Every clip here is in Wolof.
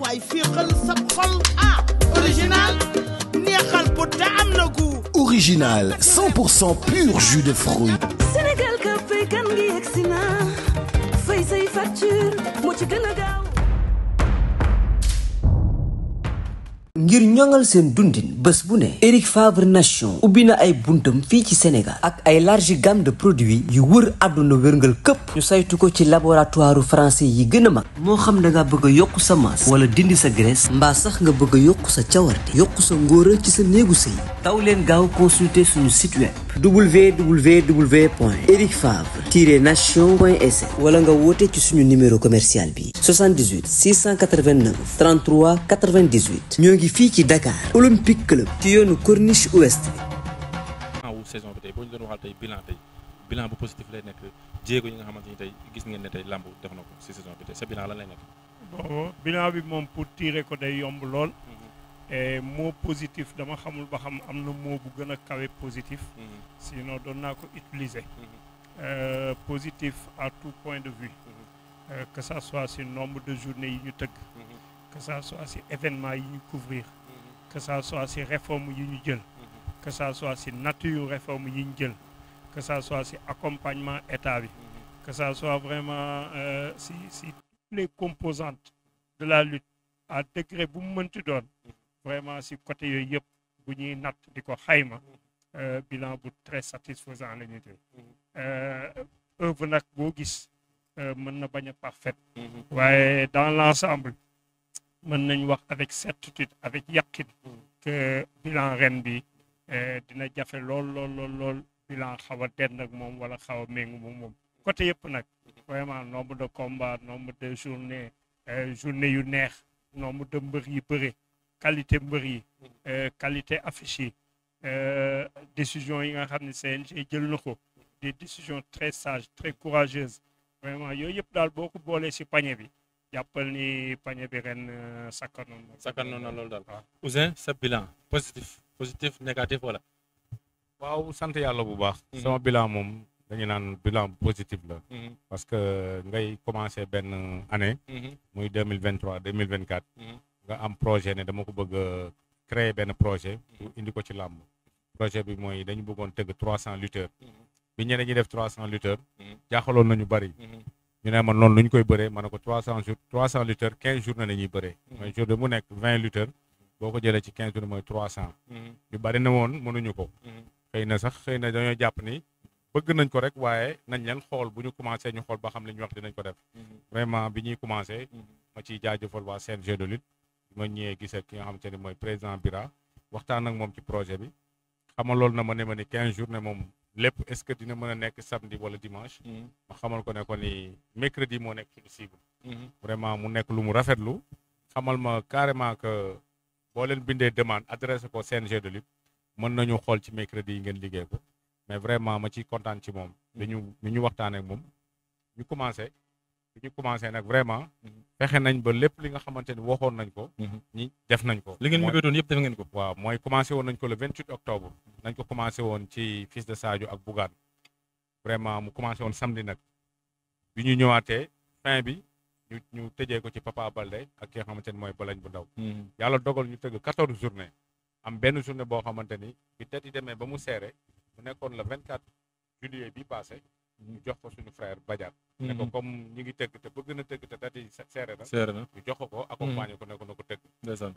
waay féexal sa xol ah, original neexal bu te am na original pur jus de fruits ngir ñoŋal seen dundin bés bu ne Eric Favre Nation ubbi na ay buntam fii ci Sénégal ak ay large gamme de produits yu wër àdduna wërngal këpp ñu saytu ko ci laboratoire français yi gën a mag moo xam na nga bëgg a yokk sa masse wala dindi sa graisse mbaa sax nga bëgg a yokk sa cawarte yokk sa ngóora ci sa néegu sëy taw leen gaaw consulter suñu site web www.ericfavre-nation.sn e. wala nga woote ci suñu numéro commercial bi 78 689 33 ñoo ngi fi fii ci Dakar Olympique Club ci yoonu Corniche Ouest bi saison boo ñu doon waxal tey bilan tey bilan bu positif lay nekk jéego yi nga xamante ni tey gis ngeen ne tey làmb def na ko si saison bi tey sa bilan lan nekk bon bilan bi moom pour tirer ko day yomb lool mhm. mot positif dama xamul ba xam am na mot bu gën a kawe positif mhm. sinon doon naa ko utiliser mhm. euh, positif à tout point de vue euh, que ça soit si nombre de journées yi ñu tëgg que ça soit si événement yi ñu couvrir que ça soit si réforme yi ñu jël que ça soit si nature réforme yi ñu jël que ça soit si accompagnement état bi que ça soit vraiment euh, si si toutes les composantes de la lutte à degré bu mënti doon vraiment si côté yooyu yëpp bu ñuy natt di ko xayma euh, bilan bu très satisfaisant la ñuy def euh, œuvre boo gis mën na bañ a parfaite mm-hmm. waaye dans l'ensemble mën nañ wax avec certitude avec yaqin que bilan ren bi euh, dina jafe lool lool lool lool bilan xaw a nag moom wala xaw a méngu moom moom côté yëpp nag vraiment nombre de combat nombre de journée euh, journée yu neex nombre de mbër yi bëre qualité mbër yi euh, qualité affiche yi décision yi nga xam ni CNG jël na ko décision décisions très sages très courageuses vraiment yooyu yëpp daal boo ko boolee si pañe bi jàppal ni pañe bi ren euh, sakkanoon na. sakkanoon na loolu daal waaw. Ouzin sa bilan positif positif négatif wala. waaw sant yàlla bu baax. Mhm. sama bilan moom dañu naan bilan positif la. Mhm. parce que ngay commencé benn année. Mhm. muy deux mille vingt trois deux mille vingt quatre. nga am projet ne dama ko bëgg a créer benn projet. indi ko ci làmb. projet bi mooy dañu bëggoon tëgg trois cent lutteurs. bi ñeneen ñi def trois cent lutteurs. jaaxaloon ñu bari. ñu ne man noonu lu ñu koy bëree ma ne ko trois cent jours trois cent lutteurs quinze jours na la ñuy bëree hmm. mooy jour de mu nekk vingt lutteurs boo ko jëlee ci quinze jours mooy trois cent hmm. ñu bari na woon mënuñu ko hmm. xëy na sax xëy na dañoo jàpp ni bëgg nañ ko rek waaye nañ leen xool bu ñu commencé ñu xool ba xam li ñu wax dinañ ko def vraiment bi ñuy commencé ma ciy jaajëfal waa CNG de lutte ma ñëwee gis ak ki nga xamante ni mooy président Bira waxtaan ak moom ci projet bi lool na ma ne ma ni quinze jours ne moom lépp est-ce que dina mën a nekk samedi wala dimanche. Mm-hmm. ma xamal ko ne ko ni mercredi moo nekk suñu cible. Mm-hmm. vraiment mu nekk lu mu rafet lu xamal ma carrément que boo leen bindee demande adressé ko CNG de lutte mën nañu xool ci mercredi yi ngeen liggéey ko mais vraiment ma ciy kontaan ci moom. Mm-hmm. dañu ñu waxtaan ak moom ñu commencé. ñu commencé nag vraiment. fexe nañ ba lépp li nga xamante ni waxoon nañ ko mhm. ñi def nañ ko li ngeen mébétoon yëpp def ngeen ko waaw mooy commencé woon nañ ko le 28 octobre nañ ko commencé woon ci fils de Sadio ak Bougane vraiment mu commencé woon samedi nag bi ñu ñëwaatee fin bi ñu ñu tëjee ko ci Papa Balde ak ki nga xamante ni mooy Balañ bu ndaw mhm. yàlla dogal ñu tëgg 14 journée am benn journée boo xamante ni bi tet yi demee ba mu seere mu nekkoon le 24 juillet bi passé ñu jox ko suñu frère Badiane. Mm-hmm. ne ko comme ñi ngi tëgg te bëgg na tëgg te date yi seere na. ñu jox ko ko accompagner ko ne ko na ko tëgg.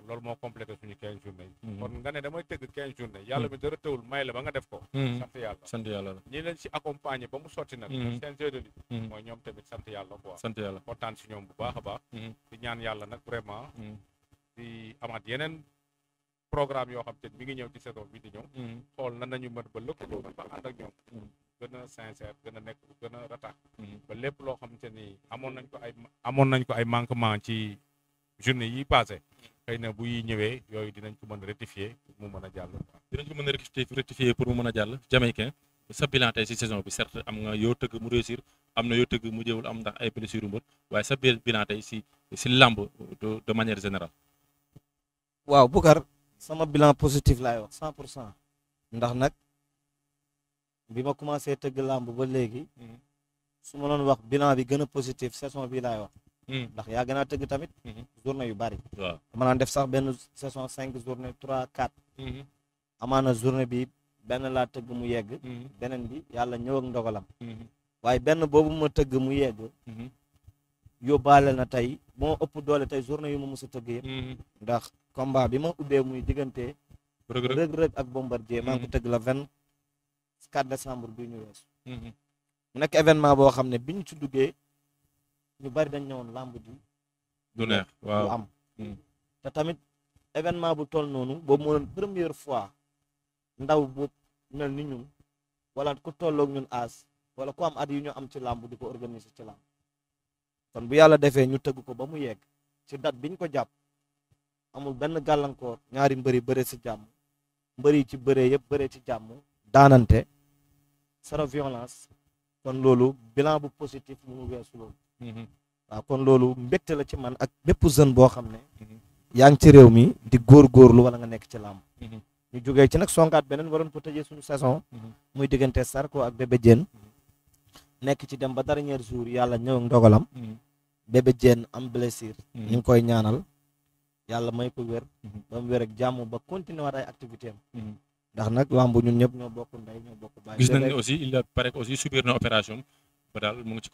loolu moo complété suñu 15 journée mm-hmm. kon nga ne damay tëgg 15 journée yàlla mi dara tëwul may la ba nga def ko. Mm-hmm. sant yàlla sant yàlla la ñi leen si accompagner ba mu sotti nag. seen jeu de lutte. mooy ñoom tamit sant yàlla quoi. sant yàlla kontaan si ñoom bu baax a baax. di ñaan yàlla nag vraiment. di amaat yeneen. programme yoo xam te mi ngi ñëw ci saison bi di ñëw xool nan nañu mën ba lëkkaloo ba ànd ak gën sincère gën nekk gën a mm-hmm. ba lépp loo xamante ni amoon nañ ko ay amoon nañ ko ay manquement ci journée yi passé xëy na buy ñëwee yooyu dinañ ko mën a rectifier pour mu mën a jàll dinañ ko mën a rectifier pour mu mën a jàll jamaïcain sa bilan tey si saison bi certes am nga yoo tëgg mu réussir am na yoo tëgg mu jëwul am ndax ay blessure mbër waaye sa bilan tey si si làmb de manière générale waaw Boucar sama bilan positif laay ndax nag bi ma commencé tëgg làmb ba léegi. Hmm. su ma doon wax bilan bi gën a positif saison bi laay wax. Hmm. ndax yaa gën tëgg tamit. Hmm. journée yu bari. waaw def sax benn saison cinq journée trois quatre. amaana journée bi benn laa tëgg mu yegg. beneen bi yàlla ñëw ak ndogalam. waaye benn boobu ma tëgg mu yegg. yóbbaale na tey moo ëpp doole tey journée yu ma mos a tëgg yëpp ndax combat bi ma ubbee muy diggante rëg-rëg ak bombardier maa ngi tëgg la vingt ci 4 décembre bii ñu weesu. Mhm. mu nekk événement boo xam ne bi ñu ci duggee ñu bari dañ ñëwoon làmb ji. du neex waaw am. Mhm. te tamit événement bu toll noonu boobu moo première fois ndaw bu mel ni ñun wala ku tolloog ñun aas wala ku am at yu ñu am ci làmb di ko organiser ci làmb kon bu yàlla defee ñu tëgg ko ba mu yegg ci date biñ ko jàpp amul benn gàllankoor ñaari mbëri bëre ci jàmm mbëri ci bëree yëpp bëree ci jàmm daanante zéro violence kon loolu bilan bu positif munu weesu loolu mhm. waaw kon loolu mbégte la ci man ak bépp jeune boo xam ne mhm. yaa ngi ci réew mi di lu wala nga nekk ci làmb mhm. ñu jógee ci nag songaat beneen waroon ko tëjee suñu saison muy diggante Sarko ak Bébé Diène nekk ci dem ba dernier jour yàlla ñëw ndogalam Bébé Diène am blessure ñu ngi koy ñaanal yàlla may ko wér ba mu wér ak jàmm ba continuer waat ay activité am ndax nag lamb ñun ñëpp ñoo bokk ndey ñoo bokk baay. gis nañ aussi il paraît que aussi subir na opération ba daal moom mu ngi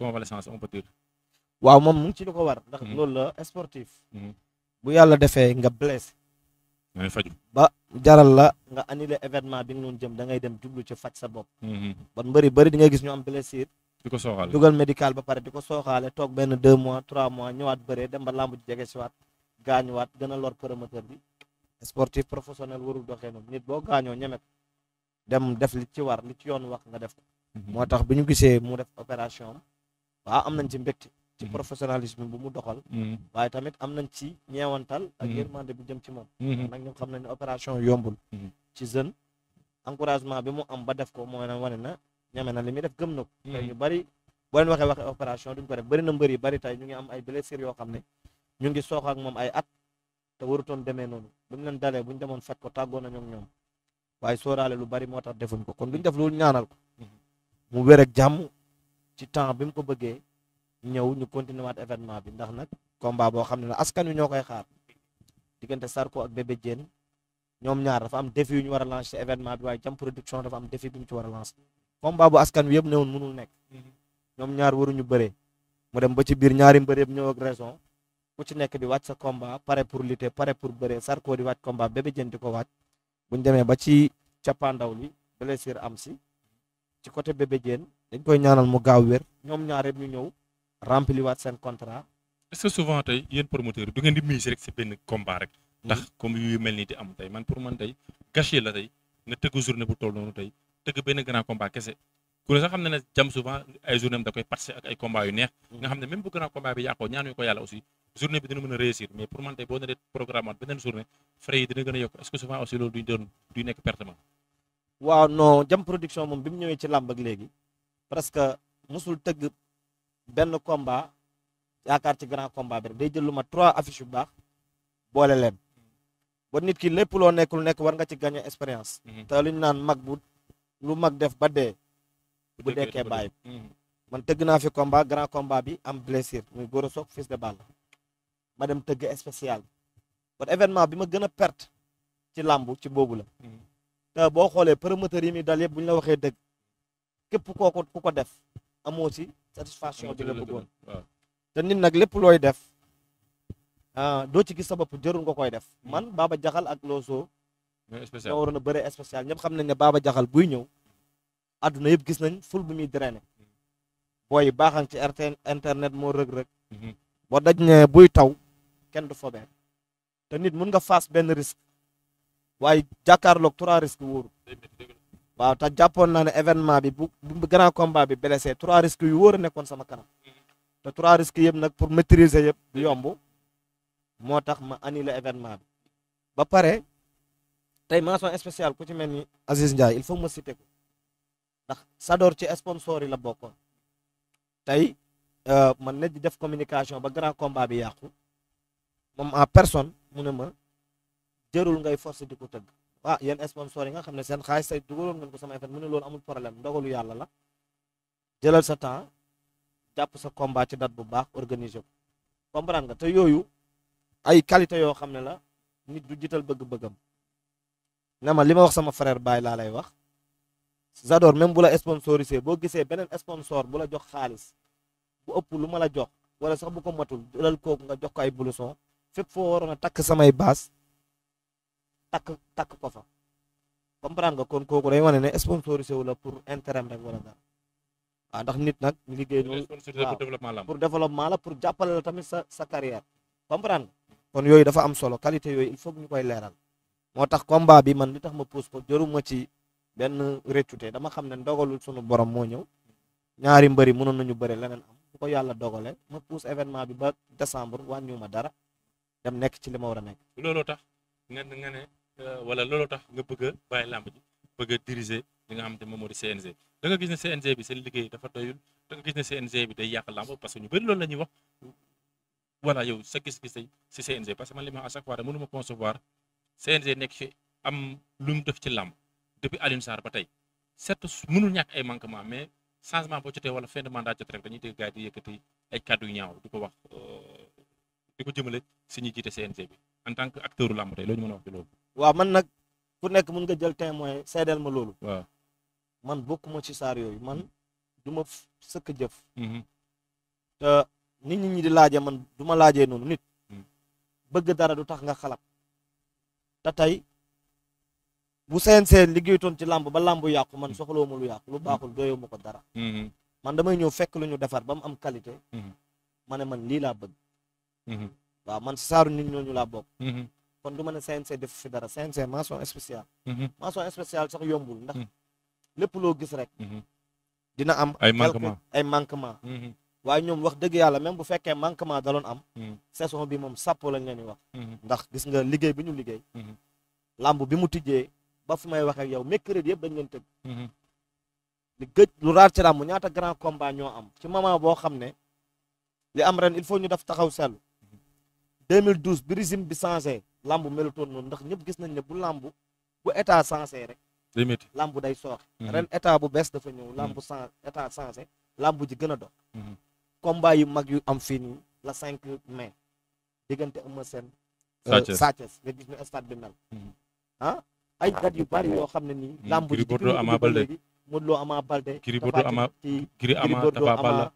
ci lu ko war. ndax hmm. loolu la sportif. Hmm. bu yàlla defee nga blessé. ngay faju ba jaral la nga annulé événement bi nga doon jëm da ngay dem jublu ci faj sa bopp. Hmm, ban mbëri bëri di nga gis ñu am blessure. di ko sooxaale dugal médical ba pare di ko sooxaale toog benn deux mois trois mois ñëwaat bëree dem ba lamb ji jege si waat gaañuwaat gën a lor promoteur bi. sportif professionnel warul doxee noonu nit boo gaañoo ñeme ko dem def li ci war li ci yoon wax nga def ko. Mhm. moo tax bi ñu gisee mu def opération am waaw am nañ ci mbégte. ci mhm. professionnalisme bu mu doxal. Mhm. waaye tamit am nañ ci ñeewantal. ak yërmande bu jëm ci moom. nag ñu xam nañ ne opération yombul. ci jeune encouragement bi mu am ba def ko moo na wane na ñeme na li muy def gëm na ko. ñu bari boo leen waxee waxee opération duñ ko bari na mbër yi bari tey ñu ngi am ay blessures yoo xam ne ñu ngi soox ak ay at. te warutoon demee noonu bu ñu leen dalee bu ñu demoon fekk ko tàggoo nañu ak ñoom waaye sooraale lu bari moo tax defuñ ko kon duñ def loolu ñaanal ko mu wér ak jàmm ci temps bi mu ko bëggee ñëw ñu continué événement bi ndax nag combat boo xam ne la askan wi ñoo koy xaar diggante Sarko ak Bébé Diène ñoom ñaar dafa am yu ñu war a lancer événement bi waaye Jam Production dafa am défi bi mu ci a lancer combat bu askan yëpp newoon mënul nekk ñoom ñaar waruñu bëree mu dem ba ci biir ñaari mbër yëpp ñëw raison ku ci nekk di wàcc sa combat pare pour lutter pare pour bëree Sarko di wàcc combat Bébé Diène di ko wàcc buñ demee ba ci cappaandaw li blessure am si ci côté Bébé Diène dañ koy ñaanal mu gaaw wér ñoom ñaar yëpp ñu ñëw remplir seen contrat. est-ce que souvent tey yéen promoteur du ngeen di mise rek si benn combat rek. Hmm. ndax comme yu mel nii di am tey man pour man tey gâché la tey nga tëgg ne bu toll noonu tey tëgg benn grand combat kese ku ne sax xam na ne jam souvent ay journée da koy passé ay combat yu neex nga xam ne même bu grand combat bi yàqoo ñaanuñu ko yàlla aussi journée bi dina mën a réussir mais pour man boo nee programme beneen journée frais yi dina gën a yokk est ce que souvent aussi loolu duñ doon duñ nekk pertement waaw non jam musul tëgg benn combat yaakaar ci grand combat bi day jël lu ma trois affiches bu baax boole leen ba nit ki lépp loo nekk lu nekk war nga ci gagner expérience mhm. te lu ñu naan mag bu lu mag def ba dee bu dekkee bàyyi hmm. man tëgg naa fi combat grand combat bi am blessure muy Gora Sock fis de Balla ma dem tëgg spécial kon événement bi ma gën a perte ci làmb ci boobu la hmm. te boo xoolee promoteur yi muy dal yëpp bu ñu la waxee dëgg képp kooku ku ko def amoo ci satisfaction bi nga bëggoon te nit nag lépp looy def ah doo ci gis sa bopp jërul nga koy def hmm. man baaba Jaxal ak Loosoo ñoo waroon a bëre spécial ñëpp xam nañ ne Baba Jaxal buy ñëw àdduna yëpp gis nañ ful bu muy drainer booy yi baaxañ ci internet moo rëg-rëg mhm. boo daj ne buy taw kenn du fobee te nit mun nga fas benn risque waaye jàkkaarloog trois risques wóoru waaw te jàppoon naa ne événement bi bu bu grand combat bi blessé trois risques yu wóor a nekkoon sama kanam te trois risques yëpp nag pour maîtriser yëpp du yomb moo tax ma annulé événement bi ba pare tey mention spéciale ku ci mel ni Aziz Ndiaye il faut ma citer ko ndax Sador ci sponsor yi la bokkoon tey euh, man ne di def communication ba grand combat bi yàqu moom en personne mu ne ma jërul ngay force di ko tëgg waaw ah, yéen sponsor yi nga xam ne seen xaalis say dugaloon ngeen sama effet mu ne loolu amul problème ndogalu yàlla la jëlal sa temps jàpp sa combat ci date bu baax organiser ko nga te yooyu ay qualité yoo xam ne la nit du jiital bëgg-bëggam ne ma li wax sama frère Baye laa lay wax Zador même bu la sponsorisé boo gisee beneen sponsor bu la jox xaalis bu ëpp lu ma la jox wala sax bu ko matul dalal kooku nga jox ko ay blouson fépp foo waroon a takk samay baas takk takk ko fa kon kooku day wane ne sponsorisé wu la pour intérêt rek wala dara waaw ndax nit nag liggéey loolu pour développement la pour jàppale la tamit sa sa carrière comprendre nga kon yooyu dafa am solo qualité yooyu il faut ñu koy leeral moo tax combat bi man li ma pousse ko jëru ma ci benn réccute dama xam ne ndogalul sunu borom moo ñëw ñaari mbëri mënoon nañu bëre leneen am bu ko yàlla dogale ma pousse événement bi ba décembre wàññiwuma dara dem nekk ci li ma war a nekk. looloo tax nga nga ne euh, wala looloo tax nga bëgg a bàyyi làmb ji bëgg a diriger li nga xam te moom moo di CNG da nga gis ne CNG bi seen liggéey dafa doyul da nga gis ne CNG bi day yàq làmb parce que ñu bëri loolu la ñuy wax voilà yow sa gis-gis tey si CNG parce que man li ma à chaque fois da mënuma concevoir CNG am lu mu def ci làmb depuis Alioune Sarr ba tey certes mënul ñàkk ay manquement mais changement boo jotee wala fin de jot rek dañuy dégg gars yi di yëkkati ay kàddu yu ñaaw di ko wax euh, di ko jëmale si ñuy jiite CNG bi en tant que acteur u làmb tey loolu a wax ci loolu. waaw man nag ku nekk mun nga jël témoin ma loolu. waaw man bokkuma ci saar yooyu man du ma sëkk jëf. Mm-hmm. te nit ñi di laajee man du ma laajee noonu nit. Mm. bëgg dara du tax nga xalaat te tey bu CNG liggéeyutoon ci làmb ba làmb yàqu man soxlawu ma lu yàqu lu baaxul mm-hmm. doyoo ma ko dara. Mm-hmm. man damay ñëw fekk lu ñu defar ba mu am qualité. Mm-hmm. ma ne man lii laa bëgg. waaw man saaru nit ñooñu laa bokk. kon du ma ne CNG def fi dara CNG mention spéciale. mention spéciale sax yombul ndax lépp loo gis rek. dina am ay manquement ay manquement. waaye ñoom wax dëgg yàlla même bu fekkee manquement daloon am. saison bi moom sàpp lañ leen di wax. ndax gis nga liggéey bi ñu liggéey. ba fu may wax ak yow mercredi yëpp dañ leen tëgg li mhm. gëj lu raar ci làmb ñaata grand combat ñoo am ci moment boo xam ne li am ren il faut ñu def taxaw mille 2012 bi régime bi changé lamb melton noonu ndax ñëpp gis nañ ne bu làmb bu état changé rek lambu day sooxe mhm. ren état bu bees dafa ñëw làmb mhm. changé état changé làmb ji gën a dox combat yu mag yu am fii nii la cinq mais diggante Eumeu Sène Sa Thiès euh, nga gis ne bi mel ah? ay gat yu bari yoo xam ne nii. Mm, làmb ji Gris Bordeaux Ama Baldé Modou Lô Ama Baldé. Gris Bordeaux Ama Gris Ama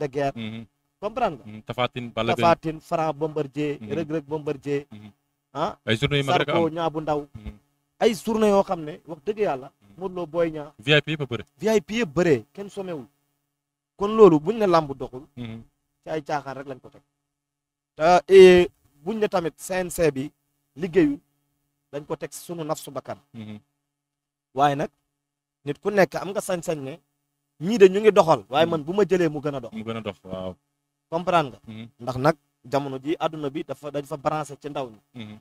de Guiers. Mm-hmm. comprendre nga. Mm-hmm. Tapha Tine Balla Gaye Tapha Tine Franc Bombardier. Mm-hmm. Reug ah, Sarko ñaabu ndaw. ay journée yoo xam ne wax dëgg yàlla. Modou Lô Boy Niang. VIP yëpp a bëre. VIP yëpp bëree kenn somewul kon loolu buñ ne làmb doxul. ci ay caaxaan rek lañ ko teg. te buñ ne tamit CNC bi liggéeyul. dañ ko teg sunu nafsu bakkan mhm. waaye nag nit ku nekk am nga sañ-sañ ne ñii de ñu ngi doxal waaye mhm. man bu ma jëlee mu gën a dox mu gën a dox waaw comprendre mhm. ndax nag jamono ji àdduna bi dafa dañ fa branché ci ndaw ñi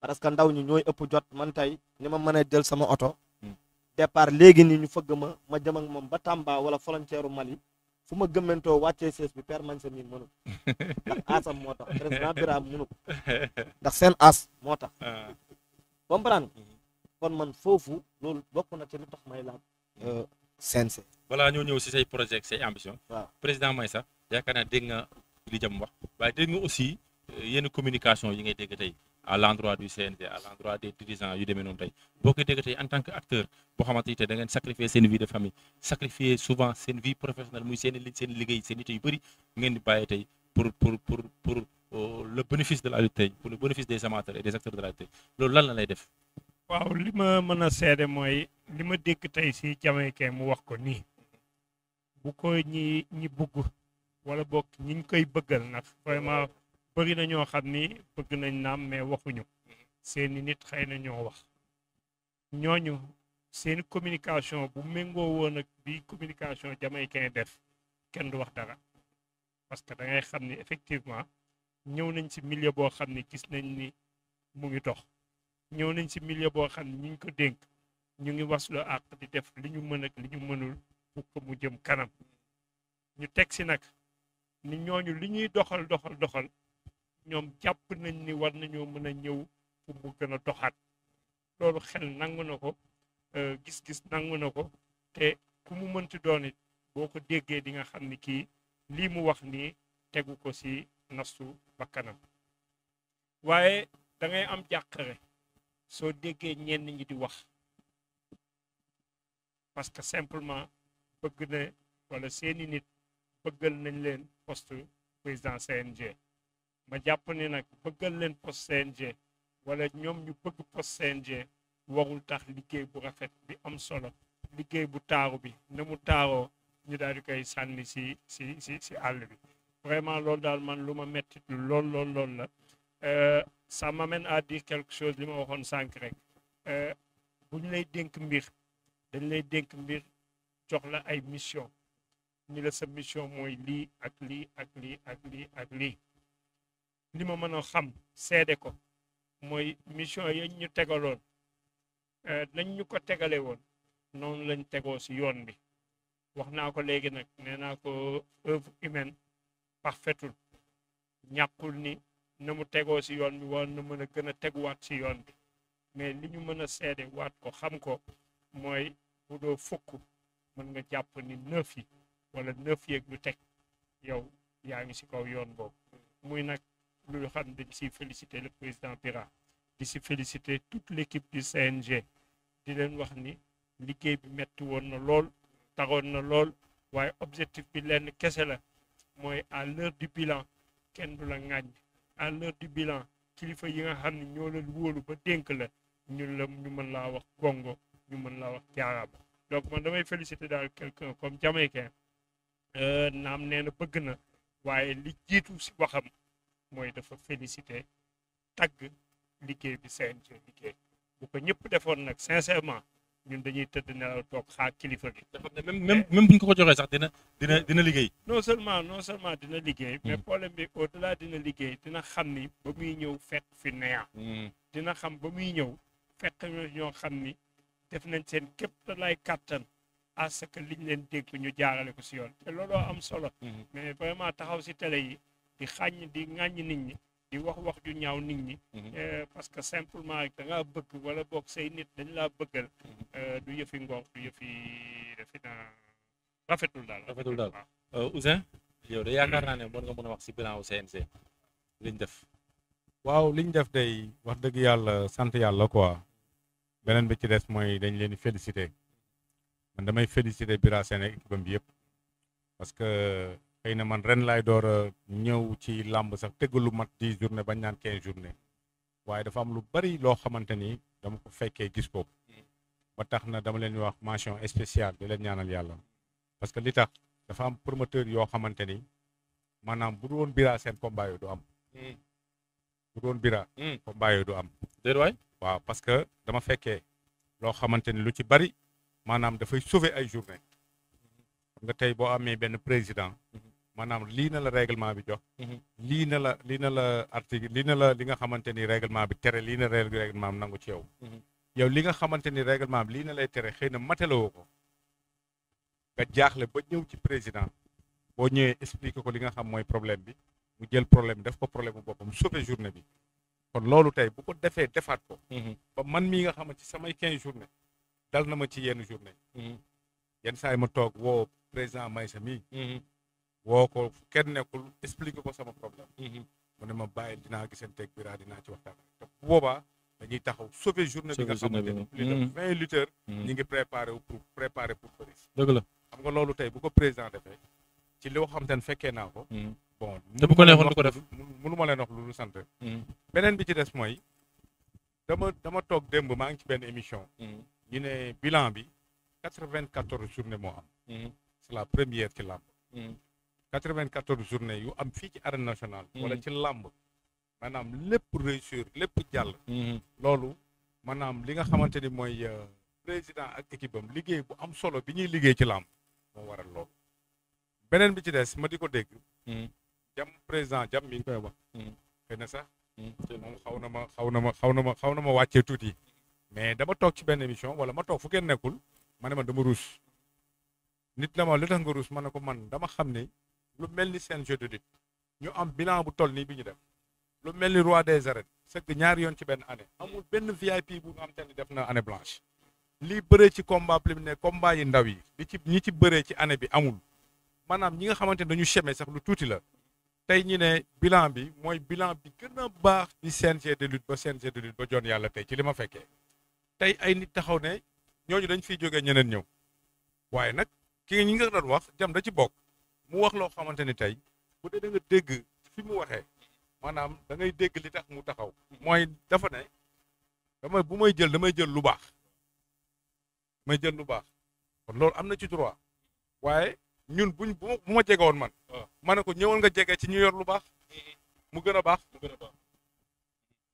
parce que ndaw ñi ñooy ëpp jot man tey ni ma mën a jël sama oto départ léegi nii ñu fëgg ma ma moom ba Tamba wala frontière Mali fu ma gëmmentoo wàccee sees bi per manse mi mënu ndax asam moo tax président Birame mënu ndax seen as moo tax ah. comprendre kon man foofu loolu bokk na ci lu tax may laaj euh, CNC balaa ñoo ñëw si say projet say ambition waaw président Meissa yaakaar naa dégg nga nga aussi euh, yenn communication yi ngay boo ko dégg tey en tant que acteur boo xamante ni tey sacrifier seen vie de famille sacrifier souvent seen vie professionnelle muy seen liggéey seen nit yu bëri ngeen di tey pour le bénéfice de la pour le bénéfice des amateurs et des acteurs de la loolu lan la lay def. waaw li ma mën a seede mooy li ma dékk tey si Jamaïcain mu wax ko nii bu ko ñi ñi bugg wala boog ñiñ koy bëggal nag vraiment bëri na ñoo xam ni bëgg nañ naam mais waxuñu seeni nit xëy na ñoo wax ñooñu seeni communication bu méngoo woon ak bi communication Jamaïcain def kenn du wax dara parce que da xam ni effectivement. ñëw nañ si milieu boo xam ne gis nañ ni mu ngi dox ñëw nañ si millier boo xam ne ñu ngi ko dénk ñu ngi waslu àq di def li ñu mën ak li ñu mënul pour que mu jëm kanam ñu teg si nag ni ñooñu li ñuy doxal doxal doxal ñoom jàpp nañ ni war nañoo mën a ñëw pour mu gën a doxaat loolu xel nangu na ko euh, gis-gis nangu na ko te ku mu mënti doon boo ko déggee di nga xam ni kii lii mu wax nii tegu ko si nafsu bakkanam waaye da ngay am jàqare soo déggee ñenn ñi di wax parce que simplement bëgg na wala seeni nit bëggal nañ leen poste président CNG ma jàpp ne nag bëggal leen poste CNG wala ñoom ñu bëgg poste CNG warul tax liggéey bu rafet bi am solo liggéey bu taaru bi na mu taaroo ñu daal di koy sànni si si si si àll bi vraiment loolu daal man lu ma métti lool lool lool la euh, ça m'amène à dire quelque chose li ma waxoon sànq rek euh, bu ñu lay dénk mbir dañ lay dénk mbir jox la ay mission ñu la sa mission mooy lii ak lii ak li ak lii ak lii li ma mën a xam seede ko mooy mission yañ ñu tegaloon euh, nañ ñu ko tegale woon noonu lañ tegoo si yoon bi wax naa ko léegi nag nee naa ko œuvre humaine parfaitul ñàkkul ni na mu tegoo si yoon bi war na mën a gën a teguwaat si yoon bi mais li ñu mën a seede waat ko xam ko mooy bu fukk mën nga jàpp ni neuf yi wala neuf yeeg lu teg yow yaa ngi si kaw yoon boobu muy nag lu xam dañ si féliciter le président Bira di si féliciter toute l'équipe du CNG di leen wax ni liggéey bi metti woon na lool taxoon na lool waaye objectif bi lenn kese la mooy à l'heure du bilan kenn du la ŋàññ à l'heure du bilan kilifa yi nga xam ne ñoo la wóolu ba dénk la ñu la ñu mën laa wax gongo ñu mën laa wax jaaraama donc man damay féliciter daal quelqu'un comme Jamaïcain euh, naam nee na bëgg na waaye li jiitu si waxam mooy dafa féliciter tagg liggéey bi CNG liggéey bu ko ñëpp defoon nag sincèrement ñun dañuy tëdd nelaw toog xaar kilifa bi. dafa même même même bu ñu ko joxee sax dina dina dina liggéey. non seulement non seulement dina liggéey. mais hmm. problème bi au delà dina liggéey dina xam ni ba muy ñëw fekk fi neex. Hmm. dina xam ba muy ñëw fekk ñoo xam ni def nañ seen képp lay kàttan à ce que liñ leen dégg ñu jaarale ko si yoon te looloo am solo. Hmm. mais vraiment taxaw si télé yi di xàññ di ŋàññ nit ñi. di wax wax ju ñaaw nit ñi. Mhm. Euh, parce que simplement da ngaa bëgg wala boog say nit dañ laa bëggal. Mhm. Euh, du yëfi ngoox du yëfi defe rafetul daal. rafetul daal euh, Ouzin yow de yaakaar naa ne mën nga mën a wax si bilan wu CNG liñ def. waaw liñ def day wax dëgg yàlla sant yàlla quoi beneen bi ci des mooy dañ leen di féliciter man damay féliciter Bira Sène équipe bi parce que. xëy na man ren laay door a ñëw ci làmb sax tëgg lu mat dix journée bañ naan quinze journée waaye dafa am lu bari loo xamante ni dama ko fekkee gis ko ba tax na dama leen wax mention spéciale di leen ñaanal yàlla parce que li tax dafa am promoteur yoo xamante ni maanaam bu doon bira seen combat yooyu du am. Hmm. bu doon bira. Hmm. combat yooyu du am. déedéet waay waaw parce que dama fekkee loo xamante ni lu ci bari maanaam dafay sauver ay journée xam nga tey boo amee benn président. Hmm. maanaam lii na la règlement bi jox. Mhm. lii na la lii na la article lii na la li nga xamante ni règlement bi tere lii na règlement bi nangu ci yow. Mhm. yow li nga xamante ni règlement bi lii na lay tere xëy na matalewoo ko nga jaaxle ba ñëw ci président boo ñëwee expliquer ko li nga xam mooy problème bi mu jël problème def ko problème bu boppam sauver journée bi kon loolu tey bu ko defee defaat ko. Mhm. ba man mii nga xamante ci samay 15 journée dal na ma ci yenn journée. yenn saa yi ma toog woo président Maïssa mii. woo ko kenn nekkul expliqué ko sama problème. Mhm. mu ne ma bàyyi dinaa gisanteeg bira dinaa ci waxtaan te bu boobaa dañuy taxaw sauver journée bi nga xamante ne plus de mhm. vingt mhm. ngi préparé wu pour préparé pour Faris. la xam nga loolu tey bu ko président defee ci li nga xamante ne fekkee naa ko. bon te bu ko neexoon du ko def mënu ma leen wax lu sant. beneen bi ci des mooy dama dama toog démb maa ngi ci benn émission. ñu ne bilan bi quatre vingt quatorze journée moo am. c'est la première ci làmb. quatre-vingt-quatorze journée yu am fii ci arène nationale mm-hmm. wala ci làmb maanaam lépp réussir lépp jàll mm-hmm. loolu maanaam li nga xamante ni mooy euh, président ak équipe am liggéey bu am solo bi ñuy liggéey ci làmb moo waral loolu beneen bi ci des ma di ko dégg mm-hmm. jam président jam mi ngi koy wax xëy na sax moom xaw na ma xaw na ma xaw na ma xaw na ma wàccee tuuti mais dama toog ci benn émission wala ma toog fu kenn nekkul ma ne man dama ruus nit la ma tax nga ruus ma ne ko man dama xam ne lu mel ni seen jeu de lutte ñu am bilan bu toll nii bi ñu dem lu mel ni roi des arènes c'est que ñaari yoon ci benn année amul benn VIP bu nga xam te ni def na année blanche lii bëree ci combat ne combat yi ndaw yi li ci ñi ci bëree ci année bi amul maanaam ñi nga xamante ne dañu cheme sax lu tuuti la tey ñu ne bilan bi mooy bilan bi gën a baax di CNG de lutte ba CNG de lutte ba joon yàlla tey ci li ma fekkee tey ay nit taxaw ne ñooñu dañ fiy jógee ñeneen ñëw waaye nag ki ñi nga doon wax jam da ci bokk mu wax loo xamante ni tey bu dee nga dégg fi mu waxee maanaam da ngay dégg li tax mu taxaw mooy dafa ne damay bu may jël damay jël lu baax may jël lu baax kon loolu am na ci droit waaye ñun buñ bu bu ma jege woon man ah. ma ne ko ñëwal nga jege ci ñu yor lu baax mu gën a baax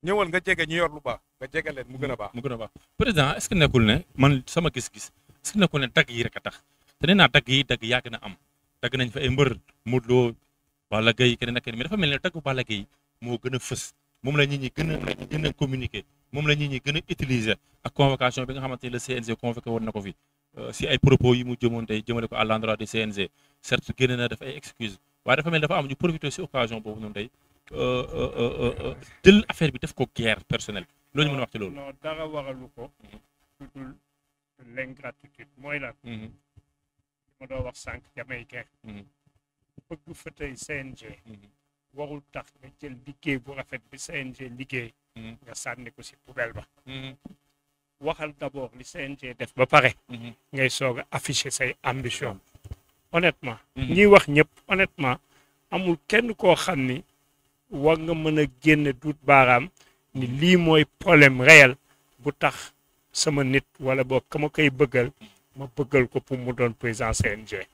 ñëwal nga jege ñu yor lu baax nga jege leen mu gën a baax mu gën a baax président nekkul ne man sama gis-gis est-ce nekkul ne dagg yi rek a tax te nee naa dagg yi dagg yàgg na am tagg nañ fa ay mbër Modou Lo Balla Gaye keneen ak keneen mais dafa mel ne taggu Balla Gaye moo gën a fës moom la nit ñi gën a gën a communiquer moom la nit ñi gën a utiliser ak convocation bi nga xamante ne le CNG convoqué woon na ko fi euh, si ay propos yi mu jëmoon tey jëmale ko à l'endroit du CNG certes génne na def ay excuses waaye dafa mel dafa am ñu profité si occasion boobu noonu tey euh, euh, jël affaire bi def ko guerre personnelle loolu ñu mën a wax ci loolu. ko. Mhm. l'ingratitude ma doo wax sànq jamaïcain bëgg mm-hmm. fëtëy CNG mm-hmm. warul tax nga jël liggéey bu rafet bi CNG liggéey mm-hmm. nga sànni ko si poubelle ba waxal d'abord li CNG def ba pare ngay soog a afficher say ambition honnêtement ñiy wax ñëpp honnêtement amul kenn koo xam ni war nga mën a génne duut baaraam ni lii mooy problème réel bu tax sama nit wala boo ka ma koy bëggal ma bëggal ko pour mu doon président CNG.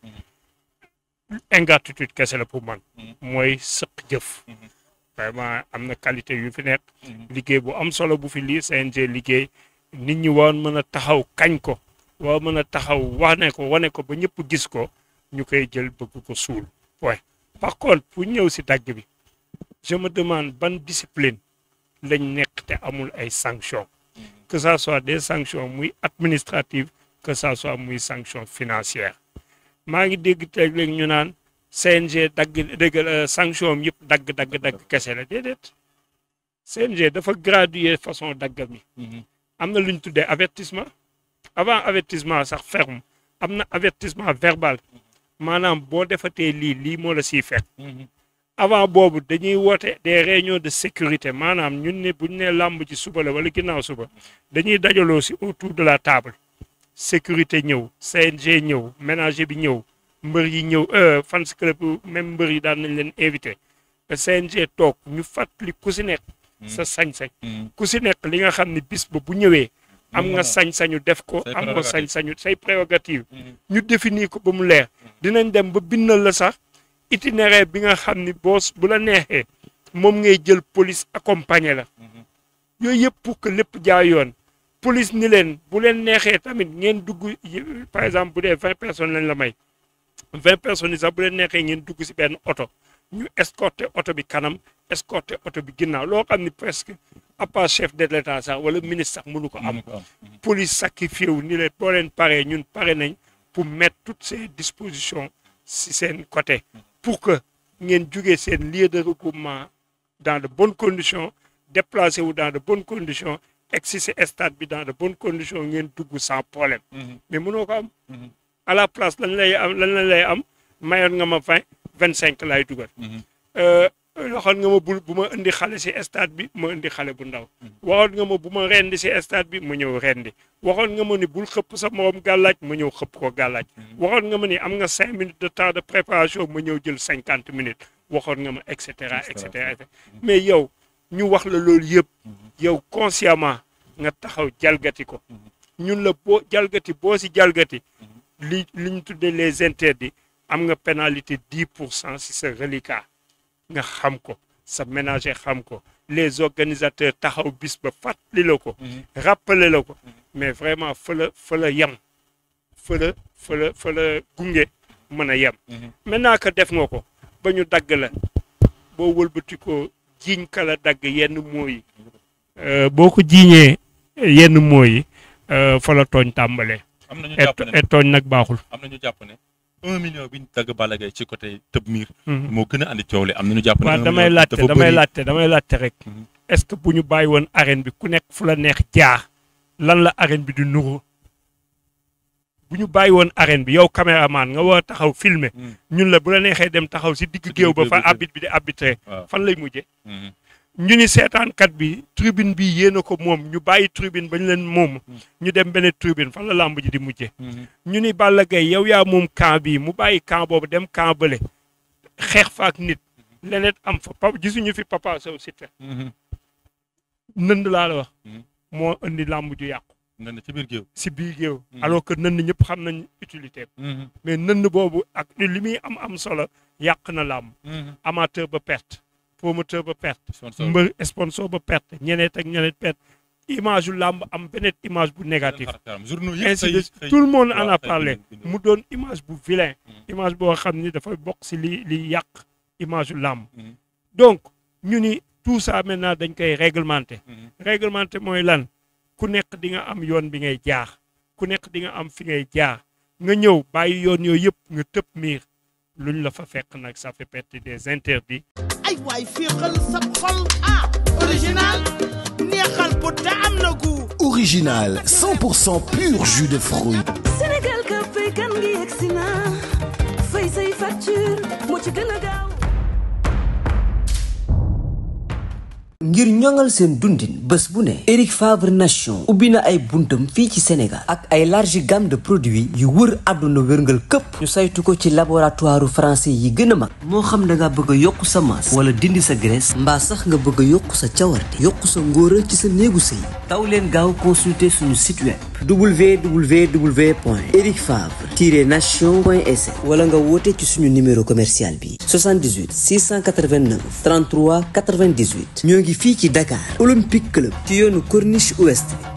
ingratitude kese la pour man. mooy sëq jëf. vraiment am na qualité yu fi nekk. liggéey bu am solo bu fi li CNG liggéey nit ñi waroon mën taxaw kañ ko war mën a taxaw wane ko wane ko ba ñëpp gis ko ñu koy jël bëgg ko suul. point par contre pour ñëw si dagg bi je demand demande ban discipline lañ nekk te amul ay sanctions. que ça soit des sanctions muy administratives. que ça soit muy sanction financière maa ngi dégg tey léegi ñu naan CNG dagg dégg euh, sanction yëpp dagg dagg dagg kese la déedéet CNG dafa graduer façon dagga mi mm-hmm. am na lu ñu tuddee avertissement avant avertissement sax ferm am na avertissement verbal maanaam boo defatee lii lii moo la si fekk mm-hmm. avant boobu dañuy woote des réunions de sécurité maanaam ñun ne buñ ne làmb ci suba la wala ginnaaw suba dañuy dajaloo si autour de la table sécurité ñëw CNG ñëw ménager bi ñëw mbër yi ñëw euh, fans club même mbër yi daan nañ leen invité CNG toog ñu fàttali ku si nekk mm. sa sañ-sañ mm. ku si nekk li nga xam ne bis ba bu ñëwee am nga mm. sañ-sañu def ko am nga sañ-sañu say prérogative ñu définir ko ba mu leer dinañ dem ba bindal la sax itinéraire bi nga xam ni boos bu la neexee moom ngay jël police accompagner la mm-hmm. yooyu yëpp pour que lépp jaay yoon police ni leen bu leen neexee tamit ngeen dugg par exemple bu dee vingt personnes lañ la may vingt personnes yi sax bu leen neexee ngeen si benn oto ñu escorter oto bi kanam escorter oto bi ginnaaw loo xam ni presque à part chef de l'état sax wala ministre sax mënu ko am police sacrifié wu ni leen boo leen paree ñun pare nañ pour mettre toutes ces dispositions si seen côté pour que ngeen jugee seen lieu de regroupement dans de bonnes condition déplacé wu dans de bonnes condition exci si stade bi dans de bonnes conditions ngeen dugg sans problème. Mhm. mais mënoo ko am. Mhm. à la place lañ lay am lan lañ lay am mayoon nga ma vingt vingt cinq laay dugal. Mhm. Euh, waxoon nga ma bu ma indi xale si stade bi ma indi xale bu ndaw. waxoon nga ma bu ma rendi si stade bi ma ñëw rendi waxoon nga ma ni bul xëpp sa morom gàllaaj ma ñëw xëpp ko gàllaaj. waxoon nga ma ni am nga cinq minutes de temps de préparation ma ñëw jël cinquante minutes waxoon nga ma et cetera et cetera mais yow ñu wax la loolu yëpp. yow consciemment nga taxaw jalgati ko ñun la boo jalgati boo si jalgati li li ñu tuddee les interdits am nga pénalité dix pour cent si sa reliquat nga xam ko sa ménager xam ko les organisateurs taxaw bis ba fàttali la ko rappeler la ko mais vraiment fa la fa la yem fa la fa la gunge mën a yem maintenant que def nga ko ba ñu dagg la boo wëlbatikoo jiiñ kala dagg yenn mooyi Euh, boo ko jiiñee yenn mooy yi euh, fa la tooñ tàmbalee. am na ñu jàpp ne et tooñ nag baaxul. am na ñu jàpp ne un million bi ñu tagg Balla Gaye ci côté tëb miir. Hmm. moo gën a andi coow li am na ñu jàpp ne. waaw damay laajte damay laajte damay laajte rek. Hmm. est-ce que bu ñu bàyyi woon arène bi ku nekk fu la neex jaar lan la arène bi du nuru. bu ñu bàyyi woon arène bi yow caméraman nga war taxaw filmer hmm. ñun la bu la neexee dem taxaw si digg géew ba fa arbitre bi di arbitré fan lay mujjee. ñu ni seetaankat bi tribune bi yéen a ko moom ñu bàyyi tribune bañ leen moom ñu dem beneen tribune fan la làmb ji di mujje mhm. ñu ni Balla Gaye yow yaa moom camp bi mu bàyyi camp boobu dem camp bële xeex ak nit mhm. leneen am fa gisuñu fi Papa Sow Siteu mhm. nënd laa la wax moo indi làmb ju yàqu nënd ci biir géew si biir géew alors que nënd ñëpp xam nañu utilité mais nënd boobu ak li muy am am solo yàq na làmb amateur ba perte promoteur ba perte. mbër sponsor ba perte ñeneen ak perte. image yu làmb am beneen image bu négatif tout le monde en a mu doon image bu vilain hmm. image boo xam ni dafay bokk ci li li yàq image yu làmb hmm. donc ñu ni tout ça maintenant dañ koy réglementer hmm. réglementer mooy lan ku nekk di nga am yoon bi ngay jaar ku nekk di nga am fi ngay jaar yoon yooyu yëpp nga tëb miir luñ lafa fa fekk nag ça fait partie des interdits. ay waay féexal sa xol ah original neexal bu te am na original pur jus de fruits. Sénégal café kan gi yegsi na fay facture moo ci ngir ñoŋal seen dundin bés bu ne Eric Favre Nation ubbi na ay buntam fii ci Sénégal ak ay large gamme de produits yu wër àdduna wërngal këpp ñu saytu ko ci laboratoire français yi gën a mag moo xam da nga bëgg a yokk sa masse wala dindi sa graisse mbaa sax nga bëgg a yokk sa cawarte yokk sa ngóora ci sa néegu sëy taw leen gaaw consulter suñu site web www.ericfavre-nation.sn wala nga woote ci suñu numéro commercial bi 78 689 33 98 ñoo ngi ngi fii ci Dakar Olympique Club ci yoonu Corniche Ouest